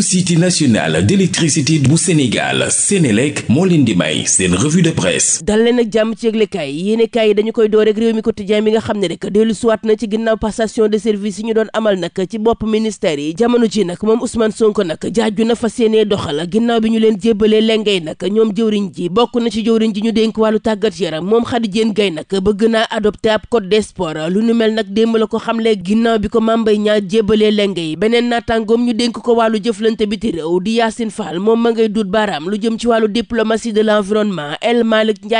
société nationale d'électricité bu Sénégal Sénélec moo leen di may seen revue de presse dal jàmm ci yëglekaay yéenekaay yi dañu koy door rek réew mi quotidien bi nga xam ne rek dellu suwaat na ci ginnaaw passation de service yi ñu doon amal nag ci bopp ministère yi jamono ji nag moom Ousmane Sonko nag jaaju na fas yéenee doxal ginnaaw bi ñu leen jébbalee lengay nag ñoom jëwriñ ji bokk na ci jëwriñ ji ñu dénk wàllu tàggat yaram moom Khady Diène jëflante biti réew di Yacine Fall moom ma ngay dut baaraam lu jëm ci wàllu diplomatie de l'environnement El Malick mu di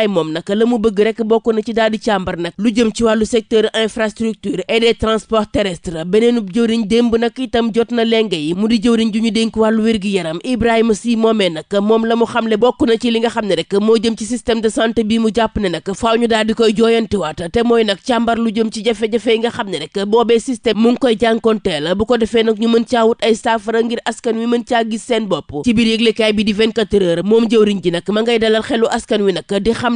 càmbar nag lu jëm ci wàllu secteur infrastructure et des transports terrestres beneenub jëwriñ démb nag itam jot na lenge yi mu di jëwriñ ju ñu dénk wàllu wér-gi-yaram Ibrahima Sy moomee nag moom la mu xamle bokk na ci li nga xam ne rek moo jëm ci système de santé bi mu jàpp ne nag faaw ñu daal di koy jooyantiwaat te mooy nag càmbar lu jëm ci jafe-jafe yi nga xam ne rek boobee système mu ngi koy jànkonteel bu ko defee nag ñu mën caawut ay saafara ngir askan askan wi mën caa gis seen bopp ci biir yëglekaay bi di 24 heures moom jëwriñ ji nag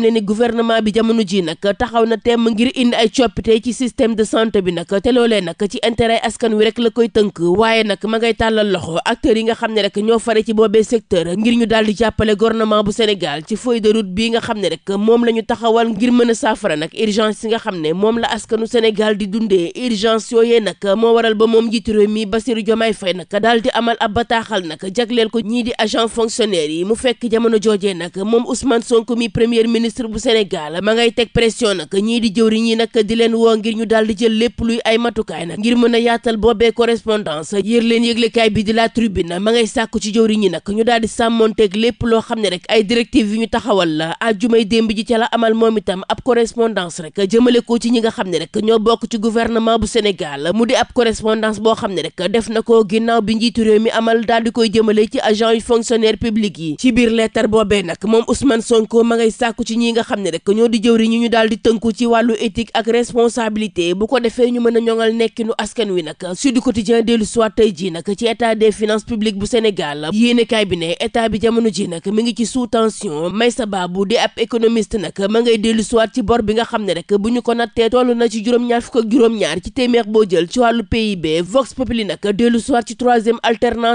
ne ni gouvernement bi jamono ji nag taxaw na temm ngir indi ay coppite ci système de santé bi nag te loolee nag ci intérêt askan wi rek la koy tënk waaye nag ma tàllal loxo acteurs yi nga xam ne rek ñoo fare ci boobee secteur ngir ñu daal di jàppale gouvernement bu Sénégal ci feuille de route bii nga xam ne rek moom la ñu taxawal ngir mën a saafara nag urgence yi nga xam ne moom la askanu Sénégal di dundee urgence yooyee nag moo waral ba moom njiitu mii mi Bassirou Diomaye Faye nag daal di amal ab bataaxal nag jagleel ko ñii di agent fonctionnaire yi mu fekk jamono joojee nag moom Ousmane Sonko mi premier ministre bu Sénégal ma ngay teg pression nag ñii di jëwriñ di leen woo ngir ñu daal di jël lépp luy ay matukaay nag ngir a yaatal boobee correspondance yër leen yëglekaay bi di la tribune ma ngay sàkku ci jëwriñ yi nag ñu daal di sàmmonteeg lépp loo xam ne rek ay directives yu ñu taxawal la àjjumay démb ji ca la amal moom itam ab correspondance rek jëmale ko ci ñi nga xam ne rek ñoo bokk ci guvernement bu Sénégal mu di ab correspondance boo xam ne rek def na ko ginnaaw bi njiitu mi amal amal daal di koy jëmale ci agent yu fonctionnaire public yi ci biir lettre boobee nag moom Ousmane Sonko ma ngay sàkku ci ñi nga xam ne rek ñoo di jëwri ñu ñu daal di tënku ci wàllu éthique ak responsabilité bu ko defee ñu mën a ñoŋal nekkinu askan wi nag Sud Quotidien dellu soit tey ji nag ci état de finance publiques bu Sénégal yéenekaay bi ne état bi jamono ji nag mi ngi ci sous tension Meissa Babou di ab économiste nag ma ngay dellu soit ci bor bi nga xam ne rek bu ñu ko nattee toll na ci juróom-ñaar fukk ak juróom ci téeméer boo jël ci wàllu PIB Vox Populi nag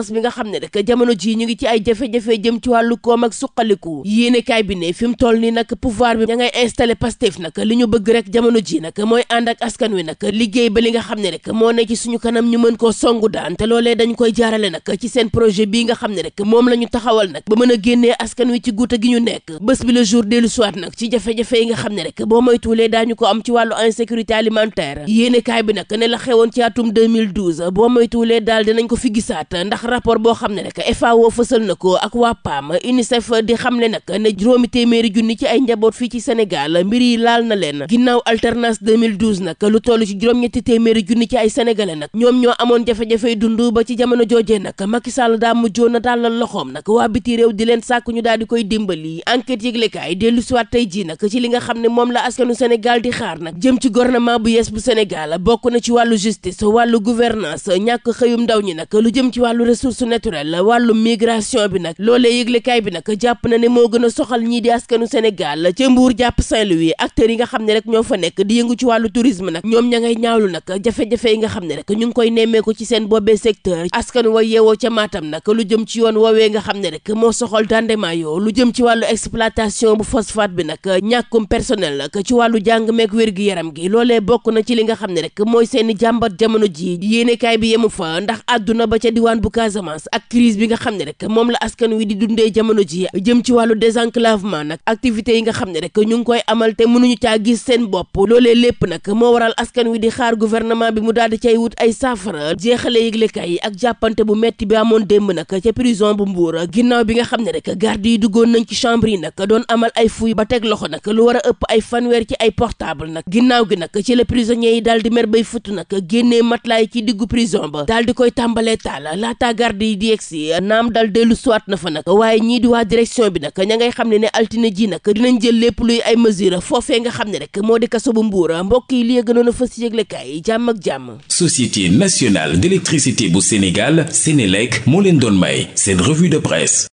France bi nga xam ne rek jamono jii ñu ngi ci ay jafe-jafe jëm ci wàllu koom ak suqaliku yéenekaay bi ne fi mu toll nii nag pouvoir bi ña ngay installé Pastef nag li ñu bëgg rek jamono ji nag mooy ànd ak askan wi nag liggéey ba li nga xam ne rek moo ne ci suñu kanam ñu mën koo songu daan te loolee dañ koy jaarale nag ci seen projet bii nga xam ne moom la ñu taxawal nag ba mën a génnee askan wi ci guuta gi ñu nekk bés bi la jour dellu soit nag ci jafe-jafe yi nga xam ne rek boo daal daañu ko am ci wàllu insécurité alimentaire yéenekaay bi nag ne la xewoon ci atum 2012 boo moytuwulee daal dinañ ko fi gisaat rapport boo xam ne nag FAO fësal na ko ak waa UNICEF di xam ne nag ne juróomi téeméeri junni ci ay njaboot fii ci Sénégal mbir yi laal na leen ginnaaw alternance 2012 nag lu toll ci juróom-ñetti téeméeri junni ci ay sénégalais nag ñoom ñoo amoon jafe-jafey dund ba ci jamono joojee nag Macky Sall daa mujjoon na tàllal loxoom nag waa biti réew di leen sàkk ñu daal di koy dimbali enquête yëglekaay dellu siwaat tey ji nag ci li nga xam ne moom la askanu Sénégal di xaar nag jëm ci gouvernement bu yees bu Sénégal bokk na ci wàllu justice wàllu gouvernance ñàkk xëyum ndaw ñi nag ressources naturelles wàllu migration bi nag loolee yëglekaay bi nag jàpp na ne moo gën a soxal ñii di askanu Sénégal ca Mbour jàpp Saint-Louis xam ne rek ñoo fa nekk di yëngu ci wàllu tourisme nag ñoom ña ngay ñaawlu nag jafe-jafe yi nga xam ne rek ñu ngi koy nemmeeku ci seen boobee secteur askan wa yeewoo ca Matam nag lu jëm ci nga xam ne rek moo soxal Dandema yoo lu jëm ci wàllu exploitation bu phosphate bi nag ñàkkum personnel nag ci wàllu jàng meek wér-gu-yaram gi loolee bokk na ci li nga xam ne rek mooy seeni jàmbat jamono ji yéenekaay bi yemu fa ndax àdduna ba ca diwaan bu Casamance ak crise bi nga xam ne rek moom la askan wi di dundee jamono ji jëm ci wàllu désenclavement nag activités yi nga xam ne rek ñu ngi koy amal te mënuñu caa gis seen bopp loolee lépp nag moo waral askan wi di xaar gouvernement bi mu daal di cay wut ay saafara jeexale yëglekaay yi ak jàppante bu metti bi amoon démb nag ca prison bu Mbour ginnaw bi nga xam ne rek garde yi duggoon nañ ci chambre yi nag doon amal ay fuy ba teg loxo nag lu war ëpp ay fanweer ci ay portable nag ginnaaw gi nag ci la prisonniers yi di mer bay futt nag génnee matelas yi ci garde yi di yegsi naam dal dellu suwaat na fa nag waaye ñii di waa direction bi nag ña ngay xam ne ne altine ji nag dinañ jël lépp luy ay mesure foofee nga xam ne rek moo di kaso bu mbuura mbokk yi li gënoon a fës yëglekaay jàmm ak jàmm société nationale d'électricité bu Sénégal Sénélec moo leen doon may seen revue de presse